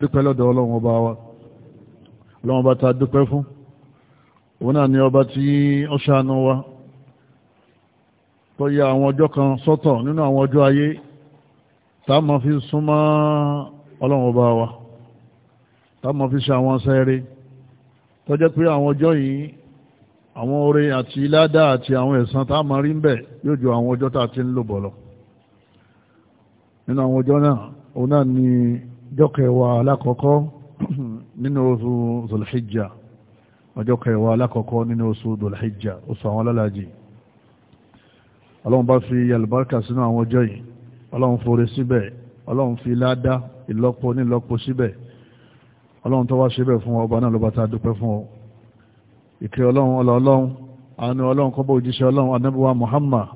dúpẹ́ lọ́dọ̀ ọlọ́run ọba wa ọlọ́run ọba ta dúpẹ́ fún òun náà ni ọba tí ó ṣàánú wa tó yẹ àwọn ọjọ́ kan sọ́tọ̀ nínú àwọn ọjọ́ ayé tá a máa fi súnmọ́ ọlọ́run ọba wa tá a máa fi ṣe àwọn sẹ́ẹ̀rẹ́ tó pé àwọn ọjọ́ yìí àwọn oore àti ládá àti àwọn ẹ̀san tá a máa rí ń bẹ̀ yóò ju àwọn ọjọ́ tá a ti ń lò bọ̀ lọ nínú àwọn ọjọ́ náà òun náà ni ọjọ́ kẹwàá alákọ̀ọ́kọ́ nínú oṣù zulhijja ọjọ́ kẹwàá alákọ̀ọ́kọ́ nínú oṣù zulhijja oṣù àwọn alálàájì ọlọ́run bá fi yalbarka sínú àwọn ọjọ́ yìí ọlọ́run fòrè síbẹ̀ ọlọ́run fi ládá ìlọ́pọ̀ nílọ́pọ̀ síbẹ̀ ọlọ́run tó wá síbẹ̀ fún ọba náà lọ́ba tá a dúpẹ́ fún ọ ìkẹ́ ọlọ́run ọlọ́run àánú ọlọ́run kọ́bọ̀ òjíṣẹ́ ọlọ́run anábíwá Muhammad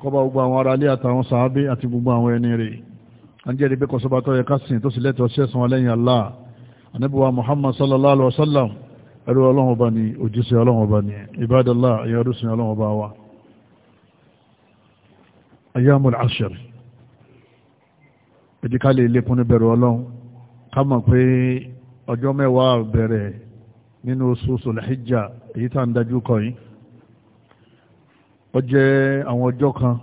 kọ́bọ̀ gbogbo àwọn aráalé àtàwọn sàábé àti gbogbo àwọn ẹni rèé a ń jẹ́rìí pé kọsọba tó yẹ kásìn tó sì lẹ́tọ̀ọ́ sẹ́sàn lẹ́yìn Allah anábíwá Muhammad sallallahu alaihi wasallam ẹrú ọlọ́run ọba ni òjíṣẹ́ ọlọ́run ọba ni ibadallah ẹ̀yọ́dúsìn ọlọ́run ọba wa ayyamul ashir ìdíkálẹ̀ ilékún ní bẹ̀rù ọlọ́run ká mọ̀ pé ọjọ́ mẹ́wàá bẹ̀rẹ̀ nínú oṣù sọ̀lẹ́hìjà èyí tá ń dájú kọ yìí ó jẹ́ àwọn ọjọ́ kan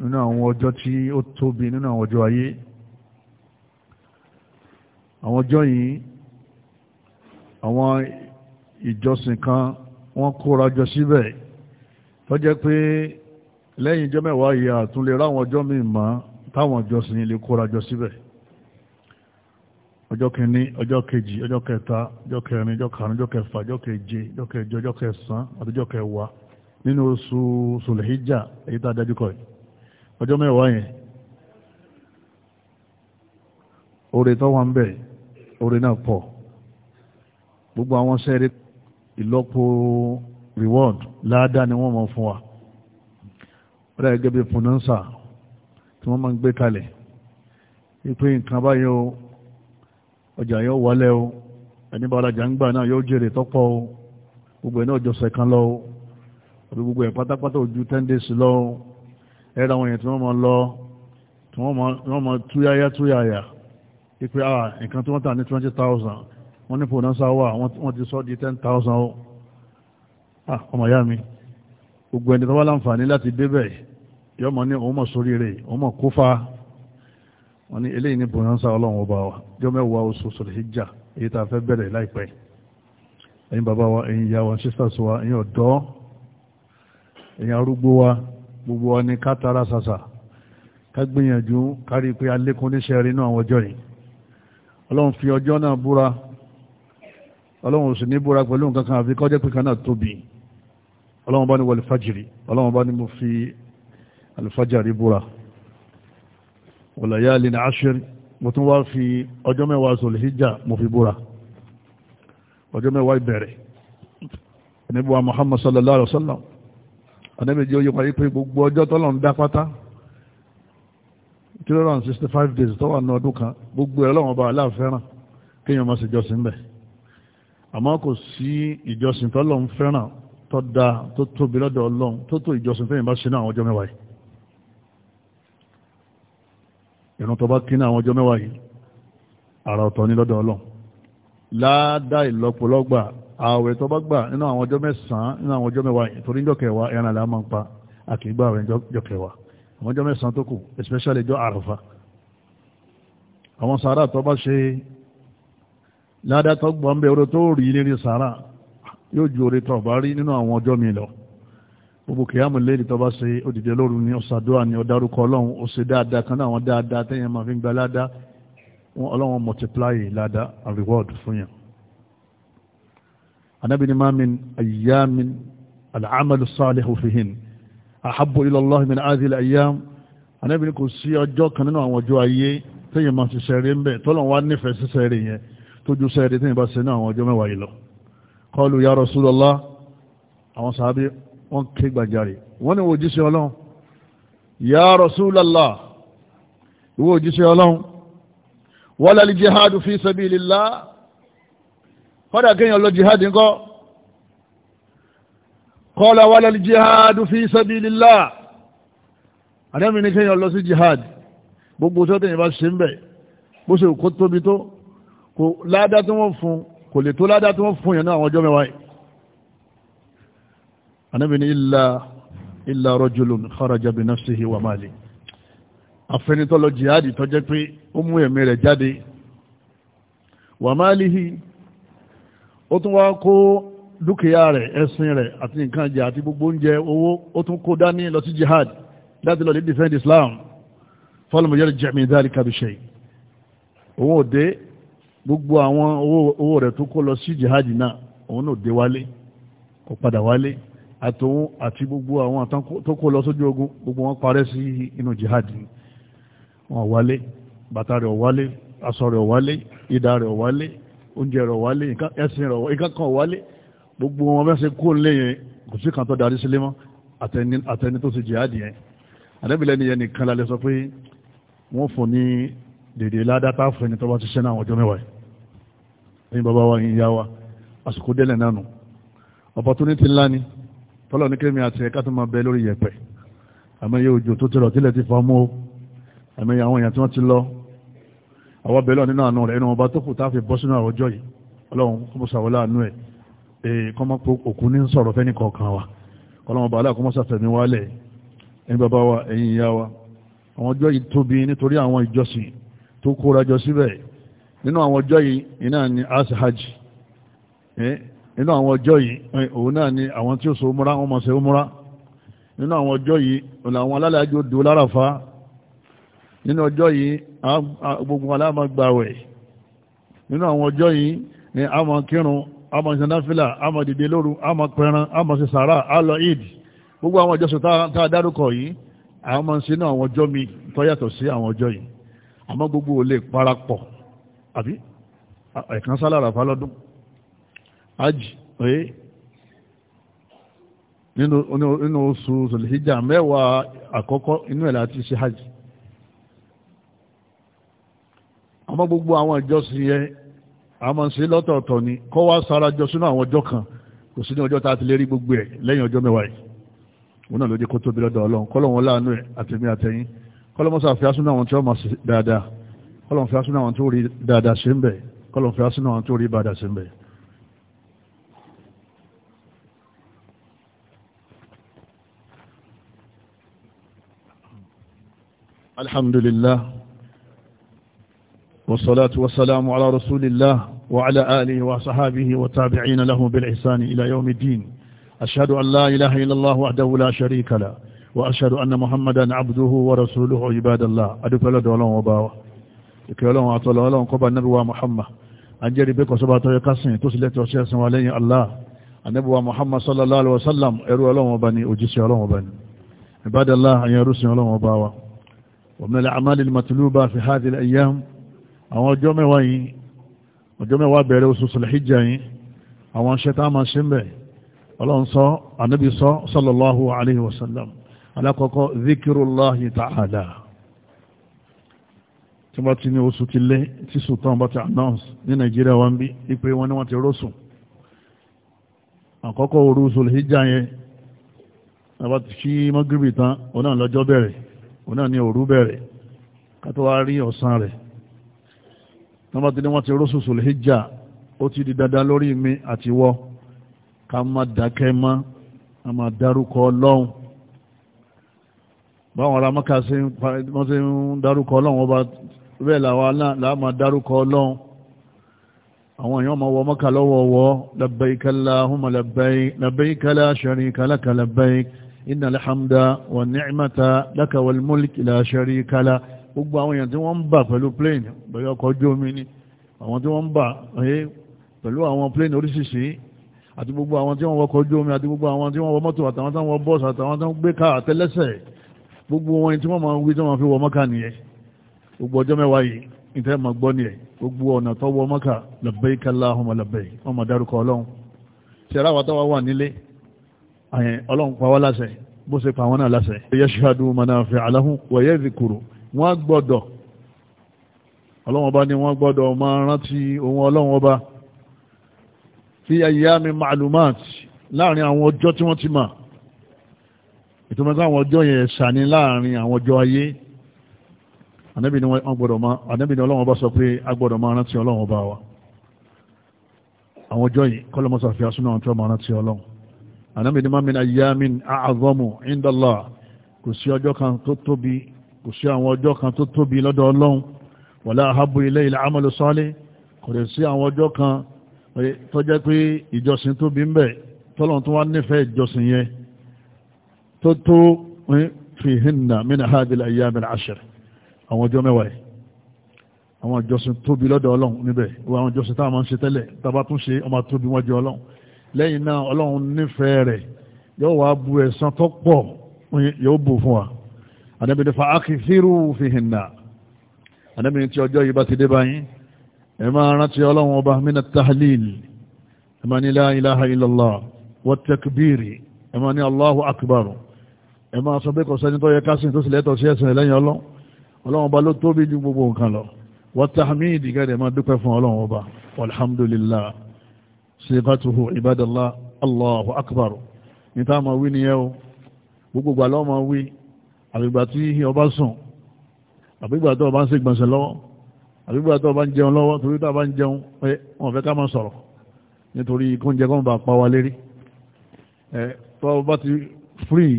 nínú àwọn ọjọ́ tí ó tóbi nínú àwọn ọjọ́ ayé àwọn ọjọ́ yìí àwọn ìjọsìn kan wọ́n kóra jọ síbẹ̀ jẹ́ pé lẹ́yìn ọjọ́ mẹ́wàá yìí àtúnlé ráwọn ọjọ́ mi mọ́ táwọn ìjọsìn lè kóra jọ síbẹ̀ ọjọ́ kìíní ọjọ́ kejì ọjọ́ kẹta ọjọ́ kẹrin keje ọjọ́ kẹjọ ọjọ́ kẹsàn àti ọjọ́ kẹwàá nínú oṣù èyí tá a dájú kọ́ ọjọ́ mẹ́wàá orin náà pọ̀ gbogbo àwọn sẹ́ẹ̀rì ìlọ́po reward laada ni wọ́n mọ̀ fún wa ó dà gẹ́gẹ́ bí fúnánsà tí wọ́n máa ń gbé kalẹ̀ wípé nǹkan báyìí ọjà yóò wọlé o ẹni bá ọlájà ń gbà náà yóò jèrè tọ́pọ̀ o gbogbo ẹ̀ náà jọ lọ o àbí gbogbo ẹ̀ pátápátá ojú ten days lọ o ẹ̀rọ àwọn èèyàn tí wọ́n lọ tí wọ́n túyáyá ipe a ah, nǹkan tí wọ́n tà ní twenty thousand wọ́n ní fònánsá wà wọ́n ti sọ́ di ten thousand ó ah ọmọ ìyá mi gbogbo ẹni tó wá láǹfààní láti débẹ̀ yọ mọ̀ ní òun mọ̀ sórí rẹ̀ òun mọ̀ kó fa wọ́n ní eléyìí ní fònánsá ọlọ́run ọba wa jọ mẹ́wàá oṣù sọ̀rọ̀híjà èyí tá a fẹ́ bẹ̀rẹ̀ láìpẹ́ ẹ̀yin bàbá wa ẹ̀yin ìyá wa sisters wa ẹ̀yin ọ̀dọ́ ẹ̀yin arúgbó wa gbogbo wa ní ká tara ṣàṣà ká gbìyànjú kárí pé alékún níṣẹ́ rí náà àwọn yìí ọlọ́run fi ọjọ́ náà búra ọlọ́run sì ní búra pẹ̀lú nǹkan kan àfi kọjẹ́ pé kan náà tóbi ọlọ́run bá ní wọlé fàjìrì ọlọ́run bá ní mo fi alifájàrí búra wọ̀lẹ̀yà lè ní aṣírí mo tún wá fi ọjọ́ mẹ́wàá zolhijjá mo fi búra ọjọ́ mẹ́wàá ìbẹ̀rẹ̀ níbuwa muhammad sallallahu alaihi wasallam anẹ́bẹ̀jẹ́ oyípa yí pé gbogbo ọjọ́ tọ́lọ̀ ń dá pátá three hundred and sixty five days tó wà ní ọdún kan gbogbo ẹ̀ lọ́wọ́n ọba aláàfẹ́ràn kéèyàn máa ṣe ìjọsìn bẹ̀ àmọ́ kò sí ìjọsìn tó lọ́n fẹ́ràn tó da tó tóbi lọ́dọ̀ ọlọ́run tó tó ìjọsìn fẹ́yìn bá ṣe ní àwọn ọjọ́ mẹ́wàá yìí ìrun tó bá kí ní àwọn ọjọ́ mẹ́wàá yìí àrà ọ̀tọ̀ ní lọ́dọ̀ ọlọ́run láàdá ìlọ́pọ̀lọ́gbà ààwẹ̀ tó bá gbà nínú àwọn ọjọ́ mẹ́sàn-án nínú àwọn ọjọ́ mẹ́wàá yìí torí ìjọ ẹran àlá máa ń pa àkìgbà rẹ̀ ìjọ àwọn ọjọ́ mẹ́sàn-án tó kù especially ọjọ́ àràfà àwọn sàárà tó bá ṣe ládàtọ̀ gbọ́nbẹ̀ oró tó rí nírí sàárà yóò ju orí tó bá rí nínú àwọn ọjọ́ mi lọ gbogbo kìyàmù lè tó bá ṣe òdìdẹ lóru ni ọ̀sàdúrà ni ọ̀dárúkọ ọlọ́run ó ṣe dáadáa kan náà àwọn dáadáa tẹ́yẹn máa fi gba ládàá ọlọ́run multiply ládàá and reward fún yàn anábìnrin máa ayyamin al'amalu salihu fihin àhábò ilallah min azil ayyam anábìrin kò sí ọjọ́ kan nínú àwọn ọjọ́ ayé tẹ́yìn máa ti sẹ́rẹ̀ ń bẹ̀ tọ́lọ̀ wá nífẹ̀ẹ́ sí sẹ́rẹ̀ yẹn tó ju sẹ́rẹ̀ tẹ́yìn bá ṣe ní àwọn ọjọ́ mẹ́wàá yìí lọ kọlu ya Rasulullah àwọn sàábí wọ́n ké gbàjarè wọ́n ní òjíṣẹ́ ọlọ́run ya Rasulullah ìwọ òjíṣẹ́ ọlọ́run wala li jihadu fi sabilillah kọ́dà kéèyàn lọ jihad ńkọ́ kọ́lá wálẹ̀ jihad fi sabilillah àdẹ́mì ní kéèyàn lọ sí jihad gbogbo tó tẹ̀yìn bá ṣe ń bẹ̀ bó ṣe kó tóbi tó kò ládá tí wọ́n fún kò lè tó ládá tí wọ́n fún yẹn náà àwọn ọjọ́ mẹ́wàá yìí àdẹ́mì ní dúkìá rẹ̀ ẹ̀sìn rẹ̀ àti nǹkan àti gbogbo oúnjẹ owó ó tún kó dání lọ sí jihad láti defend islam fọlọmọjẹ jẹmi dárí kabiṣẹ òun ò dé gbogbo àwọn owó rẹ̀ tó kó lọ sí jihad náà òun náà dé wálé kò padà wálé àtòun gbogbo àwọn tó kó lọ sójú gbogbo wọn parẹ́ sí inú jihad wọn wálé bàtà rẹ̀ wálé rẹ̀ wálé rẹ̀ wálé gbogbo wọn bẹ́ẹ̀ ṣe kó ń léyìn kò sí kan tó darí sílé mọ́ àtẹni tó ti jihadi yẹn àdẹ́bìlẹ̀ ni yẹn nìkan lálẹ́ sọ pé wọ́n fún ní dèdè ládátà fún ẹni tó bá ti ṣẹ́ náà ọjọ́ mẹ́wàá ẹ̀yin bàbá wa yìí yá wa àsìkò délẹ̀ náà nù opportunity ńlá ni tọ́lọ̀ ní kémi àti ẹ̀ka tó máa bẹ lórí yẹ̀pẹ̀ àmọ́ iye òjò tó ti rọ̀ tílẹ̀ ti fa mú o àmọ́ iye àwọn èèyàn tí wọ́n ti lọ àwọn bẹ̀rẹ̀ nínú àánú rẹ̀ ẹnu ọba tó kù tá a fi bọ́ sínú àròjọ yìí ọlọ́run kó mọ̀ àánú ẹ̀ kọ́mọ́ pé òkú ní sọ̀rọ̀ fẹ́ nìkọ̀ọ̀kan wa kọ́lọ́mọ bàálà kọ́mọ́ sàfẹ̀mí wálẹ̀ ẹ̀yin bàbá wa ẹ̀yin ìyá wa àwọn ọjọ́ yìí tóbi nítorí àwọn ìjọsìn tó kóra jọ síbẹ̀ nínú àwọn ọjọ́ yìí iná ni ashaj nínú àwọn ọjọ́ yìí òun náà ni àwọn tí ó so múra wọn mọ̀ sí múra nínú àwọn ọjọ́ yìí ọ̀nà àwọn alálàájò dò láràfá nínú ọjọ́ yìí gbogbo aláàmàgbàwẹ̀ nínú àwọn ọjọ́ yìí ni a kírun àmà ìsànáfílà àmà dìde lóru àmà pẹran àmà sí sàárà àlọ ìdì gbogbo àwọn ìjọsìn tá a dárúkọ yìí àwọn máa ń ṣe ní àwọn ọjọ́ mi tó yàtọ̀ sí àwọn ọjọ́ yìí àmọ́ gbogbo ò lè parapọ̀ àbí ẹ̀kan sálára fálọ́dún ajì oye nínú oṣù zòlìhíjà mẹ́wàá àkọ́kọ́ inú ẹ̀ láti ṣe hajj àmọ́ gbogbo àwọn ìjọsìn yẹn a máa ń ṣe lọ́tọ̀ọ̀tọ̀ ni kọ́ wá sára jọ sínú àwọn ọjọ́ kan kò sí ní ọjọ́ tá a ti lè rí gbogbo ẹ̀ lẹ́yìn ọjọ́ mẹ́wàá yìí òun náà ló jẹ́ kó tóbi lọ́dọ̀ ọlọ́run kọ́lọ́wọ́n láàánú ẹ̀ àtẹ̀mí àtẹ̀yìn kọ́lọ́mọ́sá fi asúnà àwọn tí wọ́n máa ṣe dáadáa kọ́lọ́n fi asúnà àwọn tó rí dáadáa ṣe ń bẹ̀ kọ́lọ́n fi asúnà àwọn tó rí bàdà ṣe ń bẹ̀. alhamdulillah والصلاة والسلام على رسول الله وعلى آله وصحابه وتابعين له بالعسان إلى يوم الدين أشهد أن لا إله إلا الله وحده لا شريك له وأشهد أن محمدا عبده ورسوله عباد الله أدوك الله دولون وباوة إكي الله وعطول الله قبى النبي ومحمد أنجري بك وصباته يقصن تسلت وشيسن ولي الله النبي محمد صلى الله عليه وسلم إرو الله وبني أجيسي الله وبني عباد الله أن يرسل الله وباوة ومن الأعمال المطلوبة في هذه الأيام àwọn ọjọ́ mẹ́wàá yìí ọjọ́ mẹ́wàá bẹ̀rẹ̀ oṣù sọlẹ̀híjà yìí àwọn aṣẹ́ tá a máa ṣe ń bẹ̀ ọlọ́run sọ ànábì sọ sallallahu alayhi wa sallam alákọ̀ọ́kọ́ zikirulahi ta'ala tí wọ́n ti ní oṣù ti lé tí sultan bá ti announce ní nàìjíríà wọn bí nọ́mbà tí ni wọ́n ti rọ́ṣù sòlẹ́jà ó ti di dandan lórí mi àti wọ́ ká má dákẹ́ mọ́ a máa dárúkọ ọlọ́run báwọn ará mọ́ka sí wọ́n ti ń dárúkọ ọlọ́run ọba bẹ́ẹ̀ làwọn náà làá máa dárúkọ ọlọ́run àwọn èèyàn ma wọ mọ́ka lọ́wọ́wọ́ labbaika Allahumma labbaik labbaika la sharika laka labbaik innal hamda wan ni'mata laka wal mulk la sharika gbogbo àwọn èèyàn tí wọ́n ń bà pẹ̀lú plane pẹ̀lú ọkọ̀ ojú omi ni àwọn tí wọ́n ń bà pẹ̀lú àwọn plane oríṣiríṣi àti gbogbo àwọn tí wọ́n wọkọ̀ ojú omi àti gbogbo àwọn tí wọ́n wọ mọ́tò àtàwọn tí wọ́n wọ bọ́ọ̀sì àtàwọn tí wọ́n gbé ká àtẹlẹ́sẹ̀ gbogbo wọn tí wọ́n máa ń wí tí wọ́n fi wọ mọ́kà nìyẹn gbogbo ọjọ́ mẹ́wàá yìí ìtẹ́ ma gbọ́ ní gbogbo ọ̀nà tó wọ mọ́kà labbaik Allahumma labbaik wọ́n ma dárúkọ ọlọ́run ṣẹ̀rá wa tọ́wọ́ wà nílé ọlọ́run pa wá láṣẹ bó ṣe pa wọn náà láṣẹ yashhadu manafi'a lahum wa yadhkuru wọ́n gbọ́dọ̀ ọlọ́wọ́n bá ní wọ́n gbọ́dọ̀ máa rántí ohun ọlọ́wọ́n bá fi ayyami ma'lumat láàrin àwọn ọjọ́ tí wọ́n ti mà ìtumọ̀ sí àwọn ọjọ́ yẹn sàní láàrin àwọn ọjọ́ ayé ànábì ọlọ́wọ́n bá sọ pé a gbọ́dọ̀ máa rántí ọlọ́wọ́n bá wa àwọn ọjọ́ yìí kọ́lọ́mọ́sà fi asúnà àwọn tí wọ́n máa rántí ọlọ́wọ́n kò sí àwọn ọjọ́ kan tó tóbi lọ́dọ̀ ọlọ́run wala ahabu ilayhi al-amalu salih kò lè sí àwọn ọjọ́ kan tó jẹ́ pé ìjọsìn tóbi ń bẹ tọ́lọ́run tó wá nífẹ̀ẹ́ ìjọsìn yẹn tó tó fihinna min hadhihi al-ayyam al-ashr àwọn ọjọ́ mẹ́wàá yìí àwọn ìjọsìn tóbi lọ́dọ̀ ọlọ́run níbẹ̀ wọ́n àwọn ìjọsìn táwọn máa ń ṣe tẹ́lẹ̀ tàbá tún ṣe ọmọ tóbi wọ́n jẹ ọlọ́run lẹ́yìn náà ọlọ́run nífẹ̀ẹ́ rẹ̀ yóò wá bu ẹ̀san tó pọ̀ yóò bù fún wa ànábì ní fa'akithiru fihinna ànábì ní tí ọjọ́ yìí bá ti dé báyìí ẹ máa rántí ọlọ́run ọba mina tahlil ẹ máa ní la ilaha illallah wa takbiri ẹ máa ní allahu akbar ẹ máa sọ pé kò sẹ́ni tó yẹ kásìn tó sì lẹ́tọ̀ sí ẹ̀sìn lẹ́yìn ọlọ́run ọlọ́run ọba àbígbà tí ọba sùn àbígbà tó ọba ń ṣe gbọ̀nsẹ̀ lọ́wọ́ àbígbà tó ọba ń jẹun lọ́wọ́ torí tó ọba ń jẹun pé wọ́n fẹ́ ká máa sọ̀rọ̀ nítorí kóúnjẹ kan bá pa wa lérí tó ọba ti free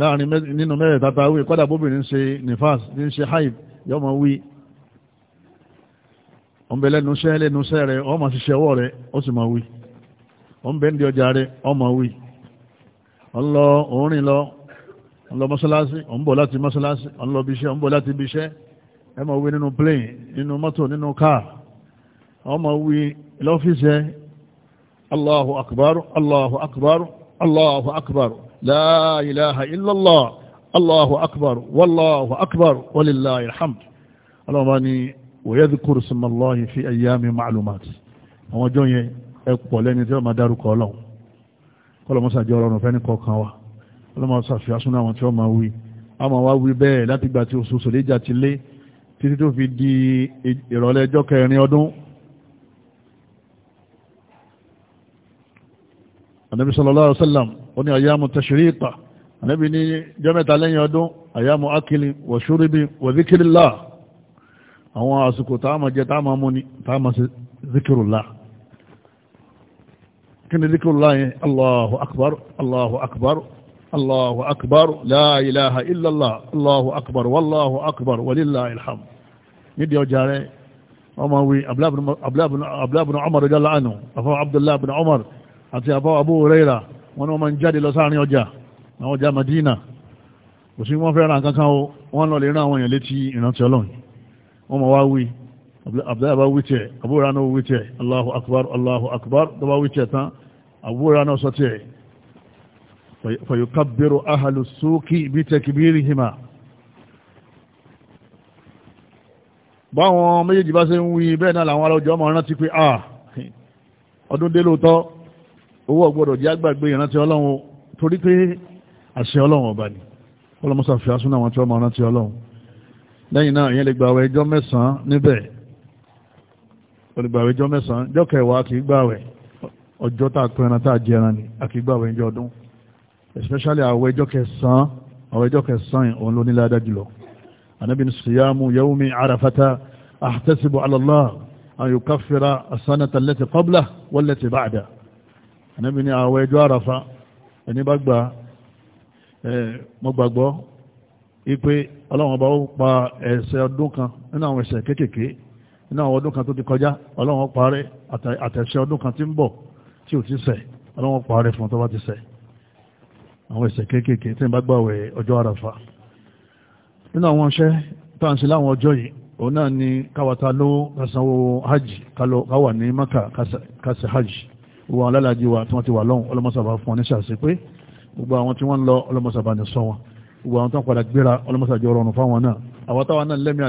láàrin nínú mẹ́rẹ̀ tata wí kọ́dà bóbìnrin ṣe nifas ní ṣe haib yọmọ wí ọmọ lẹ́nuṣẹ́ lẹ́nuṣẹ́ rẹ̀ ọmọ ṣiṣẹ́ ọwọ́ rẹ̀ ó sì máa wí ọmọ bẹ́ndì ọjà rẹ̀ ọmọ wí ọlọ òórìn lọ ń lọ mọ́sálásí ò ń bọ̀ láti mọ́sálásí ò ń lọ bíṣẹ́ ò ń bọ̀ láti bíṣẹ́ ẹ máa wí nínú plane nínú mọ́tò nínú káà ọ máa wí lọ́fíìsì ẹ Allahu akbar Allahu akbar Allahu akbar la ilaha illallah Allahu akbar wallahu akbar walillahi alhamd ọlọ́mọba ni wayadhkuru smallahi fi ọlọ́run fẹ́ ní kọ̀ọ̀kan wa ọlọ́mọ sàfihàn súnú àwọn tí wọ́n máa wí a máa wá wí bẹ́ẹ̀ láti gbà tí oṣù sòléjà ti lé títí tó fi di ìrọ̀lẹ́ ọjọ́ kẹrin ọdún anabi sallallahu alaihi wasallam ó ní ayyamu tashriqa anabi ní jọ́mẹ́ta lẹ́yìn ọdún ayyamu akili wa shuribi wa zikirillah àwọn àsìkò táàmà jẹ táàmà mú ni táàmà sí zikirullah kí ni zikirullah yẹn allahu akbar allahu akbar Allahu akbar la ilaha illallah Allahu akbar wallahu akbar walillahi alhamd nídìí ọjà rẹ̀ ọmọ wí abúlábùn Umar rẹ̀ lánàá afọ́ Abdullahi bin Umar àti afọ́ Abu Huraira wọn ni wọ́n máa ń jáde lọ sáàrin ọjà àwọn ọjà Madina kò sí wọ́n fẹ́ ra kankan o wọ́n lọ lè rán àwọn èèyàn létí ìrántí Ọlọ́run wọ́n máa wá wí Abdullahi bá wí tiẹ̀ Abu Huraira náà wí tiẹ̀ Allahu akbar Allahu akbar tó bá wí tiẹ̀ tán Abu Huraira náà sọ tiẹ̀ فيكبر أهل السوق بتكبيرهما báwọn méjèèjì bá ṣe ń wí bẹ́ẹ̀ náà làwọn aláwọ̀jọ́ ọmọ rántí pé à ah, ọdún dé lóòótọ́ owó ọgbọ́dọ̀ jẹ́ àgbàgbé ìrántí ọlọ́run torí pé àṣẹ ọlọ́run ọba ni ọlọ́mọsà fi asún àwọn tí ọmọ rántí ọlọ́run lẹ́yìn náà ìyẹn lè gba àwẹ̀ ẹjọ́ mẹ́sàn-án níbẹ̀ ó lè gba àwẹ̀ ẹjọ́ mẹ́sàn-án jọ́kẹ̀wàá kì í gbàwẹ̀ ọjọ́ tá a pẹ́ran tá a jẹran ni a kì í gbàwẹ̀ ẹjọ́ ọdún especially àwọn ẹjọ́ kẹsàn-án àwọn ẹjọ́ kẹsàn-án òun ló nílá dájúlọ anábì ní siyamu yawmi arafata ahtasibu ala Allah an yukaffira as-sanata allati qablahu wallati ba'dahu anábì ní àwọn ẹjọ́ àràfà ẹni bá gbà mọ́ gbàgbọ́ ipe ọlọ́run ọba ó pa ẹ̀ṣẹ̀ ọdún kan nínú àwọn ẹ̀ṣẹ̀ kéékèèké nínú àwọn ọdún kan àwọn ẹ̀ṣẹ̀ kéékèèké tí ń bá gbàwẹ̀ ọjọ́ àràfà nínú àwọn iṣẹ́ táǹsí láwọn ọjọ́ yìí òun náà ni káwata ló kásánwó hajj káwà ní maka kásẹ̀ hajj gbogbo alálàájì wa tí wọ́n ti wà lọ́hùn ọlọ́mọsàbà fún ọ ní sàṣẹ pé gbogbo àwọn tí wọ́n ń lọ ọlọ́mọsàbà ní sọ wọn gbogbo àwọn tó ń padà gbéra ọlọ́mọsàjọ rọrùn fáwọn náà àwọn táwọn náà lẹ́mí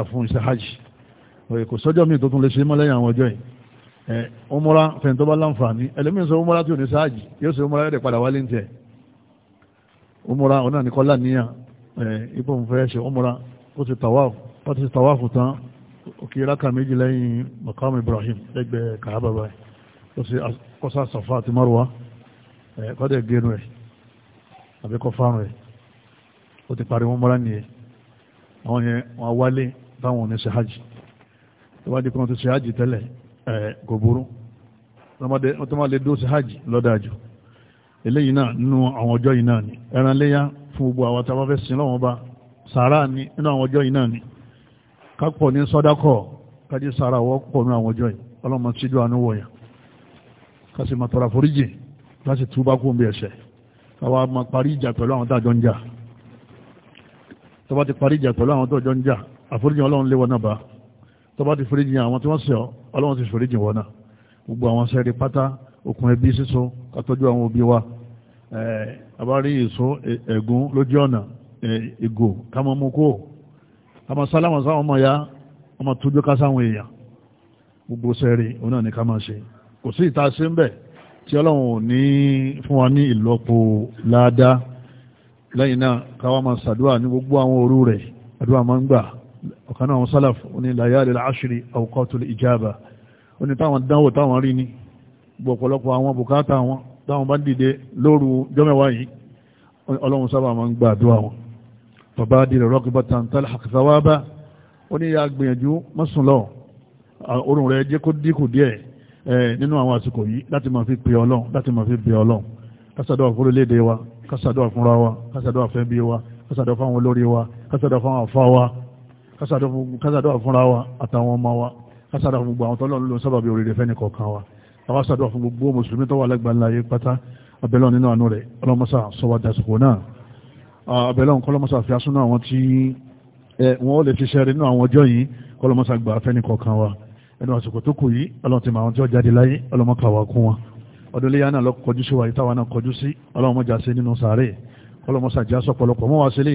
àti lọ kò sọ́jọ́ mi tó tún lè ṣe mọ́ lẹ́yìn àwọn ọjọ́ yìí umura fẹ̀ntọ́bá láǹfààní ẹlẹ́mìn sọ umura tí ò ní sáàjì yóò sọ umura yóò padà wálé ní tiẹ̀ umura ọ̀nà ní kọ́lá níyà ipò ń fẹ́ ṣe umura ó ti tawaf ó ti tawaf tán òkè ráka méjì lẹ́yìn maqam Ibrahim lẹ́gbẹ̀ẹ́ Kaaba báyìí ó sì kọ́sà Safa àti Marwa kọ́dẹ̀ gẹ́nu ẹ̀ àbí kọ́ fárun ẹ̀ ó ti parí umura nìyẹn àwọn yẹn wọn wálé táwọn ò ní ṣe hajj ìwádìí kan ti ṣe hajj tẹ́lẹ̀ ẹ̀ kò burú wọ́n tó máa lè dó sí hajj lọ́dájú eléyìí náà nínú àwọn ọjọ́ yìí náà ni ẹran léyà fún gbogbo àwọn tá a bá fẹ́ sin lọ́wọ́n bá sàárà ni nínú àwọn ọjọ́ yìí náà ni kápọ̀ ní sọ́dákọ̀ kájí sàárà wọ́pọ̀ nínú àwọn ọjọ́ yìí ọlọ́mọ síjú àánú wọ̀nyà kásì máa tọrọ àforíjì láti túbá kó bí ẹ̀ṣẹ̀ káwa máa parí ìjà pẹ̀lú àwọn tájọ ń jà tó bá ti parí ìjà pẹ̀lú àwọn tó jọ ń jà àforíjì ọlọ́run léwọ́ náà bá tó bá ti foríjì àwọn tí wọ́n sọ ọlọ́wọ́n ti foríjì wọn náà gbogbo àwọn sẹ́rí pátá okùn ẹbí sísun kátọ́jú àwọn òbí wa àbárí èso ẹ̀gún lójú ọ̀nà ìgò kámọ́ mú kó àmọ́ sálámà sáwọn ọmọ ya ọmọ tójú ká sáwọn èèyàn gbogbo sẹ́rí òun náà ni ká máa ṣe kò sí ìta sí ń bẹ̀ tí ọlọ́run ò ní fún wa ní ìlọ́po ládàá lẹ́yìn náà káwa máa ṣàdúrà ní gbogbo àwọn òru rẹ̀ àdúrà máa ń gbà ọ̀kan náà wọn sálàf ní layali al-ashri awqatul ijaba ó ní táwọn dánwò táwọn rí ni gbọ́ ọ̀pọ̀lọpọ̀ àwọn bùkátà wọn táwọn bá dìde lóru jọ́mẹ̀wá yìí ọlọ́run sábà máa ń gba àdúrà wọn bàbá dìde raqibatan talhaq thawaba ó ní ya gbìyànjú mọ́sùn lọ kásàdọ́ fúnra wa àtàwọn ọmọ wa kásàdọ́ fún gbogbo àwọn tọ́lọ́ ló sábàbí oríire fẹ́ni kọ̀ọ̀kan wa àwọn sàdọ́ fún gbogbo mùsùlùmí tó wà lágbàlá ayé pátá abẹ́lọ́ nínú àánú rẹ̀ ọlọ́mọsà sọwọ́ dasìkò náà abẹ́lọ́ kọlọ́mọsà fi asúnà àwọn tí wọ́n lè ṣiṣẹ́ rẹ̀ nínú àwọn ọjọ́ yìí kọlọ́mọsà gbà fẹ́ni kọ̀ọ̀kan wa wa ìtawà náà kọjú sí ọlọ́run ọlọ́mọ sàjá sọ̀pọ̀lọpọ̀ mọ́ wá sí ilé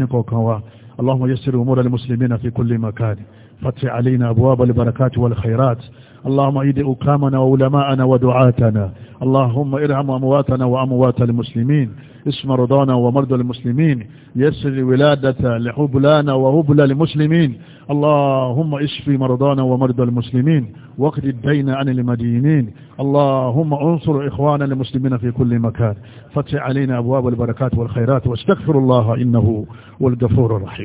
ní kọ̀ọ̀kan wa اللهم يسر أمور المسلمين في كل مكان فتح علينا أبواب البركات والخيرات اللهم ايد أكامنا وعلماءنا ودعاتنا اللهم ارحم أمواتنا وأموات المسلمين اسم رضانا ومرضى المسلمين يسر ولادة لحبلانا وهبل المسلمين اللهم اشف مرضانا ومرضى المسلمين واقض الدين عن المدينين اللهم انصر إخوانا المسلمين في كل مكان فتح علينا أبواب البركات والخيرات واستغفر الله إنه والغفور الرحيم